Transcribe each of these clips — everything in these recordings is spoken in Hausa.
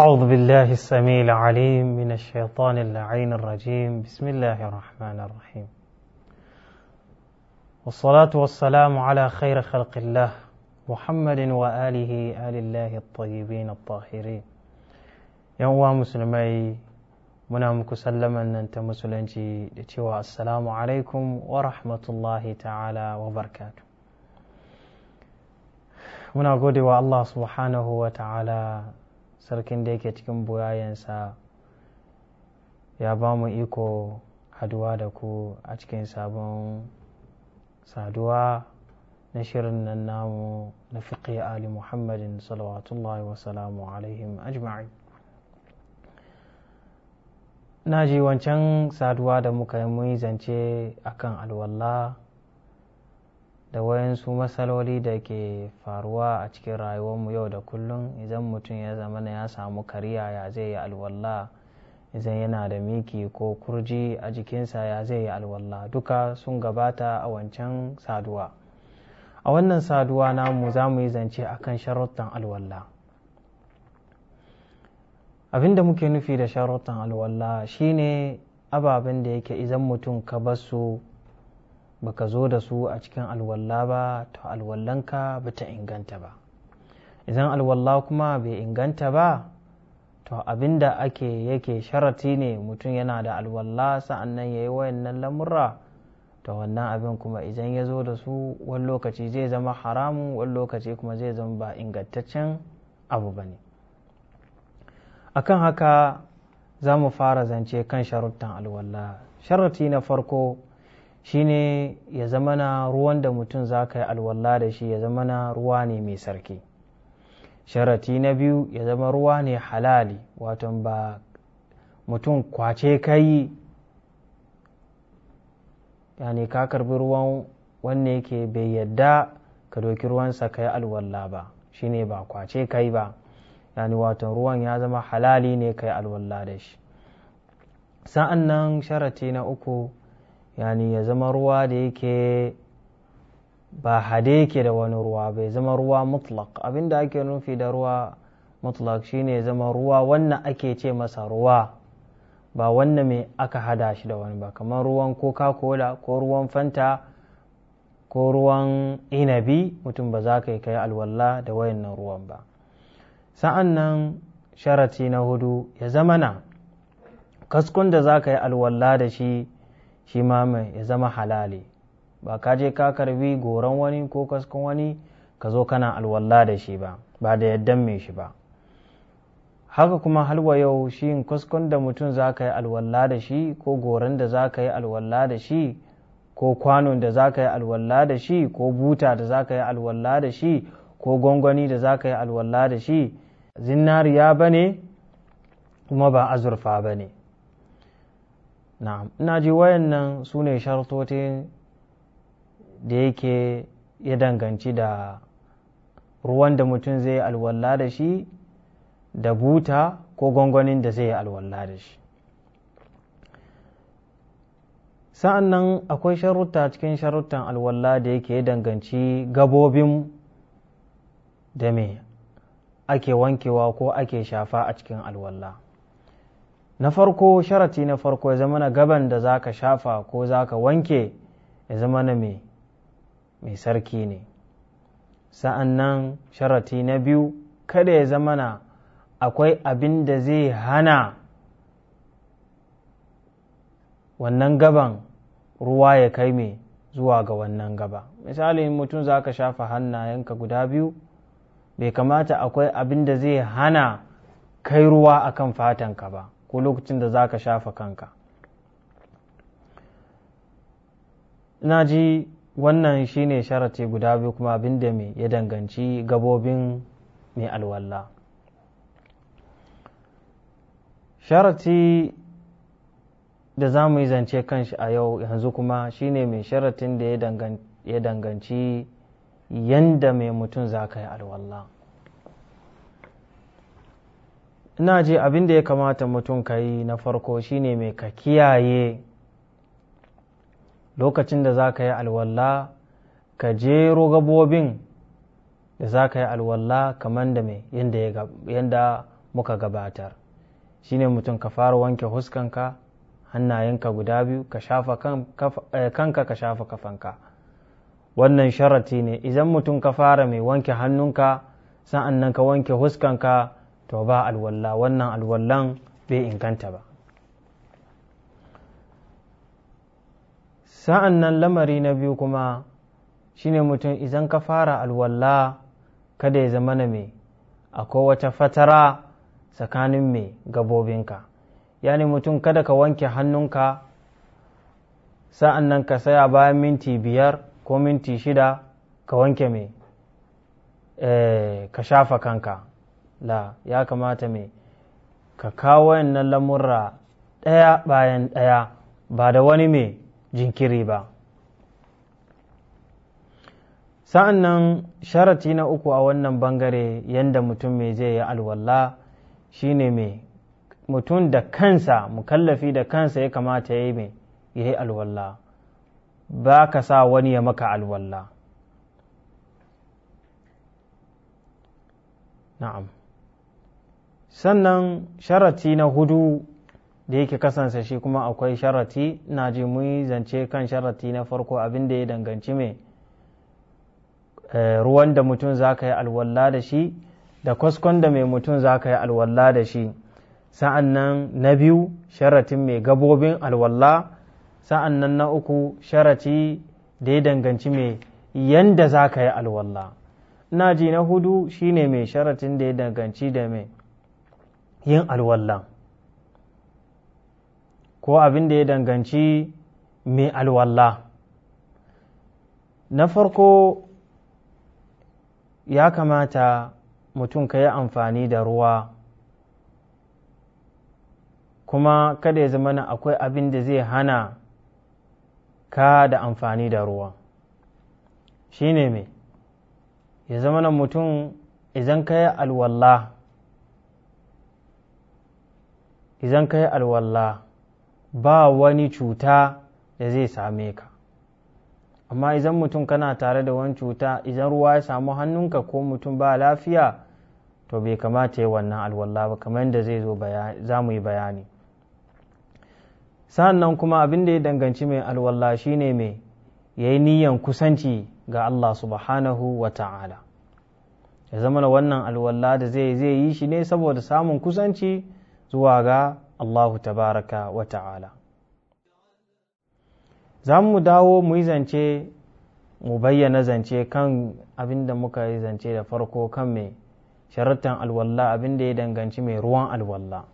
أعوذ بالله السميع العليم من الشيطان اللعين الرجيم بسم الله الرحمن الرحيم والصلاة والسلام على خير خلق الله محمد وآله آل الله الطيبين الطاهرين يوم مسلمي منامك سلما sallaman nan ta musulunci da cewa assalamu alaikum wa rahmatullahi ta'ala wa barkatu muna gode sarkin da yake cikin buyayensa ya ba mu iko haduwa da ku a cikin sabon saduwa na shirin nan namu na fiƙi ali muhammadin salawatullahi wasalamu alaihim ajma'i na ji wancan saduwa da muka yi mun zance akan alwallah da wayansu matsaloli da ke faruwa a cikin rayuwarmu yau da kullum idan mutum ya zama na ya samu kariya ya zai yi alwallah idan yana da miki ko kurji a jikinsa ya zai yi alwallah duka sun gabata a wancan saduwa a wannan saduwa namu za mu yi zance akan kan alwallah abin da muke nufi da sharuɗan alwalla shine ababen da yake idan mutum ka basu baka zo da su a cikin alwalla ba to alwallanka ba ta inganta ba idan alwalla kuma bai inganta ba to abinda ake yake sharati ne mutum yana da alwalla sa'annan ya yi wayannan lamurra to wannan abin kuma idan ya zo da su wani lokaci zai zama haramu wani lokaci kuma zai zama ba ingantaccen abu ba ne akan haka za mu fara zance kan sharuttan alwalla sharati na farko shine ya zama na ruwan da mutum za ka yi alwallah da shi ya zama na ruwa ne mai sarki sharati na biyu ya zama ruwa ne halali Watan ba mutum kwace ka yi yani ka karbi ruwan wanne yake bai yadda ka doki ruwansa ka yi alwallah ba shine ba kwace kai yi ba yani watan ruwan ya zama halali ne ka yi alwallah da shi sa'an nan sharati na uku yani ya zama ruwa da yake ba hade yake da wani ruwa bai zama ruwa mutlak abinda ake nufi da ruwa mutlak shine ya zama ruwa wannan ake ce masa ruwa ba wannan mai aka hada shi da wani ba kamar ruwan coca-cola ko ruwan fanta ko ruwan inabi mutum ba za ka yi kai alwala da wayannan ruwan ba sa'an nan sharati na hudu ya zama na kaskun da za ka yi alwala da shi shi ma mai ya zama halali ba ka je ka karbi goron wani ko kaskon wani ka zo kana alwalla da shi ba ba da yaddan mai shi ba haka kuma halwa yau shi kaskon da mutum za ka yi alwalla da shi ko goron da za ka yi alwalla da shi ko kwanon da za ka yi alwalla da shi ko buta da za ka yi alwalla da shi ko gwangwani da za ka yi alwalla da shi zinariya ba ne kuma ba azurfa ba ne na'am ina ji nan su ne shartotin da yake ya danganci da ruwan da mutum zai yi alwalla da shi da buta ko gwangwanin da zai yi alwalla da shi sa'an nan akwai sharuta cikin sharutan alwalla da yake ya danganci gabobin da me ake wankewa ko ake shafa a cikin alwalla na farko sharati na farko ya zama na gaban da za ka shafa ko za ka wanke ya zama na mai sarki ne sa'an nan sharati na biyu kada ya zama na akwai abin da zai hana wannan gaban ruwa ya kai mai zuwa ga wannan gaba misali mutum za ka shafa hannayenka guda biyu bai kamata akwai abin da zai hana kai ruwa akan fatanka ba ko lokacin da za ka shafa kanka ina ji wannan shine sharati guda biyu kuma abin da mai ya danganci gabobin mai alwalla sharati da za mu yi zance kanshi a yau yanzu kuma shine mai sharatin da ya danganci yanda mai mutum za ka yi alwallah ina je abin da ya kamata mutum ka yi na farko shine mai ka kiyaye lokacin da za ka yi alwalla ka jero gabobin da za ka yi alwalla kamar da mai yadda muka gabatar shine mutum ka fara wanke huskanka hannayenka guda biyu ka shafa eh, kanka ka shafa kafanka wannan sharati ne idan mutum ka fara mai wanke hannunka sa'an nan ka wanke huskanka to ba alwalla wannan alwallan bai inganta ba sa'an nan lamari na biyu kuma shine mutum idan ka fara alwalla kada ya zama na mai akwai wata fatara tsakanin mai gabobinka yani mutum kada ka wanke hannunka sa'an nan ka saya bayan minti biyar ko minti shida ka wanke mai eh, ka shafa kanka la ya kamata me ka kawo nan lamurra ɗaya bayan ɗaya ba da wani mai jinkiri ba sa'an nan sharati na uku a wannan bangare yadda mutum mai zai yi shi shine mai mutum da kansa mukallafi da kansa ya kamata ya yi mai ya yi alwalla ba ka sa wani ya maka alwalla na'am sannan sharati na hudu da yake kasance shi kuma akwai sharati na ji muyi zance kan sharati na farko abin da ya danganci mai eh, ruwan da mutum za ka yi alwalla da shi da kwaskon da mai mutum za ka yi alwalla da shi sa'an nan na biyu sharatin mai gabobin alwalla sa'an nan na uku sharati da ya danganci mai yanda za ka yi alwalla na ji na hudu shine mai sharatin da ya danganci da mai yin alwallan ko abin da ya danganci mai alwalla na farko ya kamata mutum ka yi amfani da ruwa kuma kada ya zama na akwai abin da zai hana ka da amfani da ruwa shi ne mai ya zama na mutum idan ka yi alwallah idan ka yi alwalla ba wani cuta da zai same ka amma idan mutum kana tare da wani cuta idan ruwa ya samu hannunka ko mutum ba lafiya to bai kamata yi wannan alwalla ba kamar yadda zai zo za mu yi bayani sannan kuma abin da ya danganci mai alwalla shine mai ya yi niyan kusanci ga Allah subhanahu wa ta'ala ya zama wannan alwalla da zai yi shi ne saboda samun kusanci zuwa ga Allahu tabaraka wa ta'ala za mu dawo mu yi zance mu bayyana zance kan abin da muka yi zance da farko kan mai sharattan alwalla abin da ya danganci mai ruwan alwalla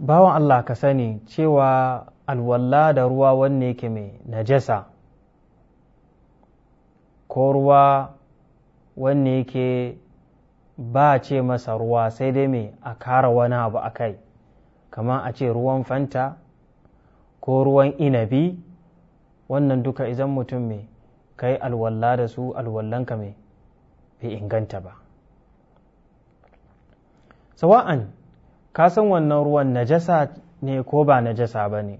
bawan Allah ka sani cewa alwalla da ruwa wanne ke mai najasa ko ruwa wanne yake ba ce masa ruwa sai dai mai a kara wani abu a kai kamar a ce ruwan fanta ko ruwan inabi wannan duka idan mutum mai kai alwalla da su alwallanka mai bai inganta ba sawa'an kasan wannan ruwan najasa ne ko ba najasa ba ne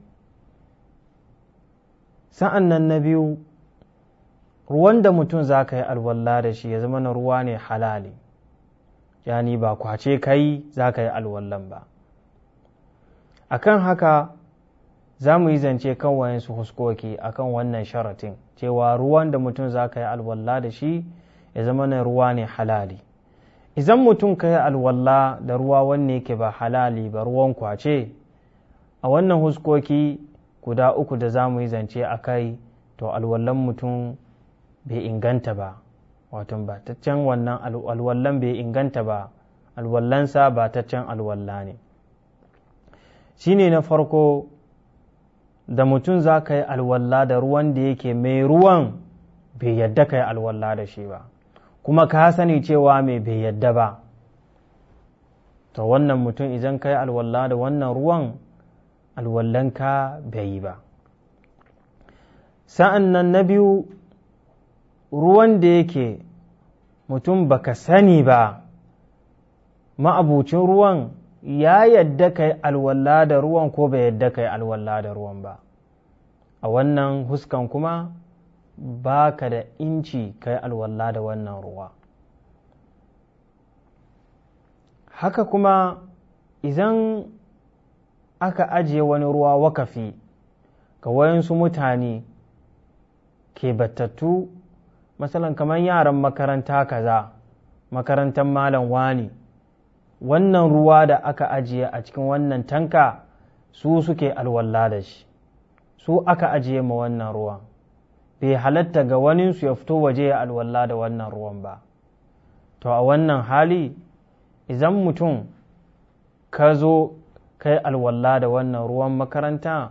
sa'an nan na biyu ruwan da mutum za ka yi alwalla da shi ya zama na ruwa ne halali yani ba kwace kai za ka yi alwallan ba a kan haka za mu yi zance kan wayansu huskoki a kan wannan sharatin cewa ruwan da mutum za ka yi alwalla da shi ya zama na ruwa ne halali idan mutum ka yi alwalla da ruwa wanne ke ba halali ba ruwan kwace a wannan huskoki guda uku da za mu yi zance a kai to alwallan mutum bai inganta ba wato can wannan alwallan bai inganta ba alwallansa can alwalla ne shi ne na farko da mutum za ka yi alwalla da ruwan da yake mai ruwan bai yadda ka yi alwalla da shi ba kuma ka sani cewa mai bai yadda ba ta wannan mutum idan ka yi alwalla da wannan ruwan alwallanka bai yi ba sa'an nan na biyu ruwan da yake mutum baka sani ba ma'abucin ruwan ya yadda kai alwala da ruwan ko bai yadda kai alwala da ruwan ba a wannan huskan kuma ba ka da inci kai alwala da wannan ruwa haka kuma idan aka ajiye wani ruwa wakafi ga wayansu mutane ke batattu. Matsalan kamar yaran makaranta kaza makarantar malam wani wannan ruwa da aka ajiye a cikin wannan tanka su suke alwalla da shi su aka ajiye ma wannan ruwa bai halatta ga waninsu ya fito waje ya alwalla da wannan ruwan ba to a wannan hali idan mutum ka zo kai alwalla da wannan ruwan makaranta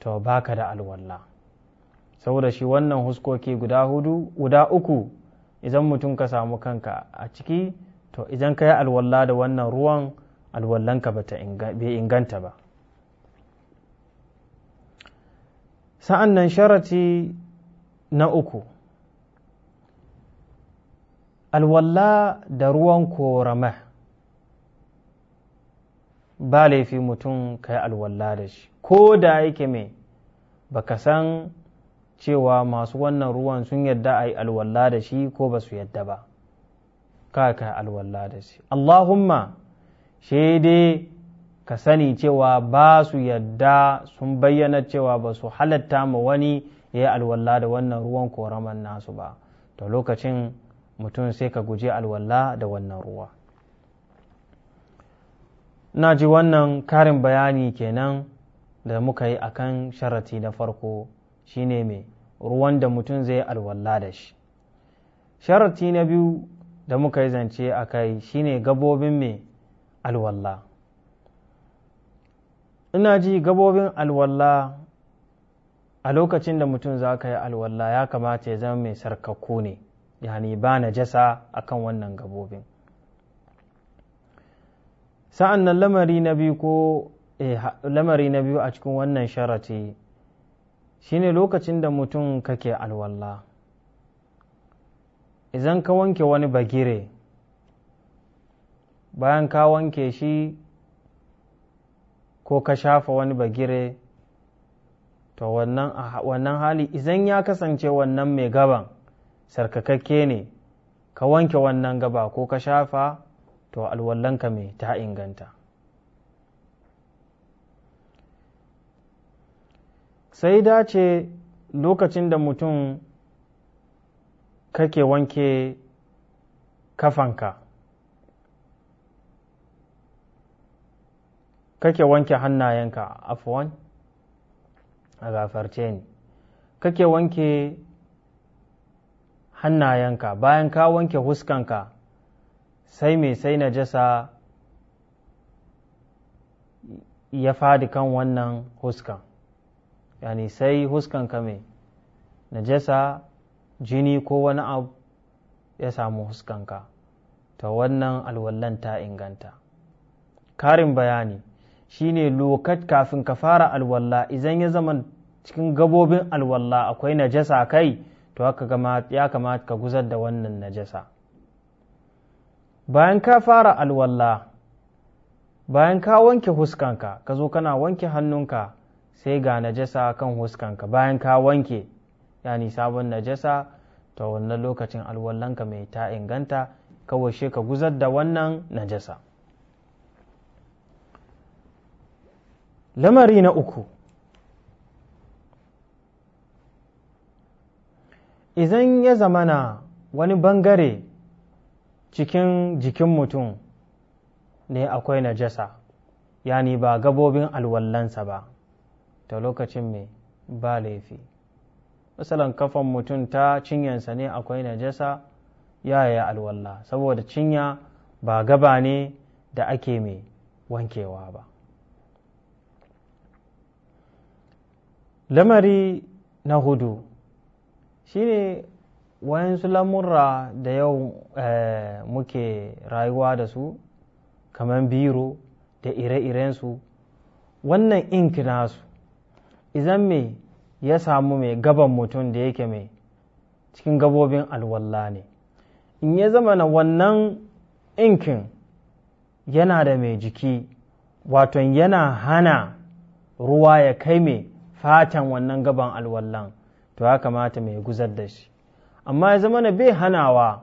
to baka da alwalla saboda shi wannan huskoki guda hudu guda uku idan mutum ka samu kanka a ciki to idan ka yi alwalla da wannan ruwan alwallanka bai inganta ba sa'an nan sharati na uku alwalla da ruwan korama ba laifi mutum ka yi alwalla da shi ko da yake mai baka san cewa masu wannan ruwan sun yadda a yi alwalla da shi ko ba su yadda ba kaka alwalla da shi allahumma shaidai ka sani cewa ba su yadda sun bayyana cewa ba su halatta ma wani ya yi alwalla da wannan ruwan koraman nasu ba to lokacin mutum sai ka guji alwalla da wannan ruwa na ji wannan karin bayani kenan da muka yi akan sharati na farko shine mai ruwan da mutum zai alwalla da shi sharati na biyu da muka yi zance a kai shine gabobin mai alwalla ina ji gabobin alwalla a lokacin da mutum za ka yi alwalla ya kamata ya zama mai sarkakku ne yani ba na jasa akan wannan gabobin sa'an nan lamari na biyu eh, lamari na biyu a cikin wannan sharati shine lokacin da mutum kake alwalla idan ka wanke wani bagire bayan ka wanke shi ko ka shafa wani bagire to wannan hali idan ya kasance wannan mai gaban sarkakakke ne ka wanke wannan gaba ko ka shafa to alwallanka mai ta inganta sai dace lokacin da mutum kake wanke kafanka kake wanke hannayenka afuwan a gafarce ni kake wanke hannayenka bayan ka wanke huskanka sai mai sai na najasa ya fadi kan wannan huskan yani sai huskanka mai najasa jini ko wani abu ya samu huskanka ta wannan alwallan ta inganta karin bayani shine lokat kafin ka fara alwalla idan ya zama cikin gabobin alwalla akwai najasa kai to ya kamata ka guzar da wannan najasa bayan ka fara alwalla bayan ka wanke huskanka ka zo kana wanke hannunka sai ga najasa kan huskanka bayan ka wanke yani sabon najasa ta wannan lokacin alwallanka mai ta inganta kawai shi ka guzar da wannan najasa lamari na uku Izan ya zamana wani bangare cikin jikin mutum ne akwai najasa yani ba gabobin alwallansa ba ta lokacin mai ba laifi misalan kafan mutum ta cinyansa ne akwai najasa ya yi alwalla saboda cinya ba gaba ne da ake mai wankewa ba lamari na hudu shine wayansu lamurra da yau eh, muke rayuwa da su kamar biro da ire-irensu wannan ink nasu izan me ya samu mai gaban mutum da yake mai cikin gabobin alwalla ne in ya zama na wannan inkin yana da mai jiki Wato yana hana ruwa ya kai mai fatan wannan gaban alwallan to ya kamata mai guzar da shi amma ya zama na bai hanawa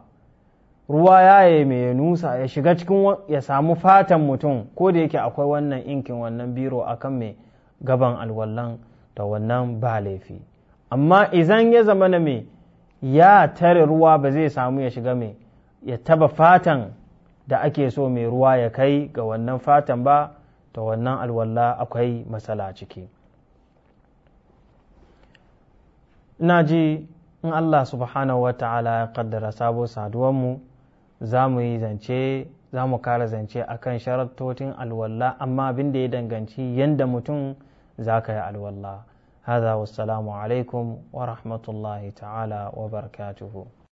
ruwa ya yi mai nusa ya shiga cikin ya samu fatan mutum ko da yake akwai wannan inkin wannan biro akan mai gaban alwallan da wannan ba laifi amma izan ya zama na me ya tare ruwa ba zai samu ya shiga me ya taba fatan da ake so mai ruwa ya kai ga wannan fatan ba ta wannan alwallah akwai matsala ciki ina ji in Allah subhanahu wa ta'ala ya kaddara sabo saduwanmu za mu yi zance za mu kara zance akan sharattotin alwala amma abin da ya danganci yadda mutum za ka yi alwallah hada wassalamu alaikum wa rahmatullahi ta'ala wa barakatuhu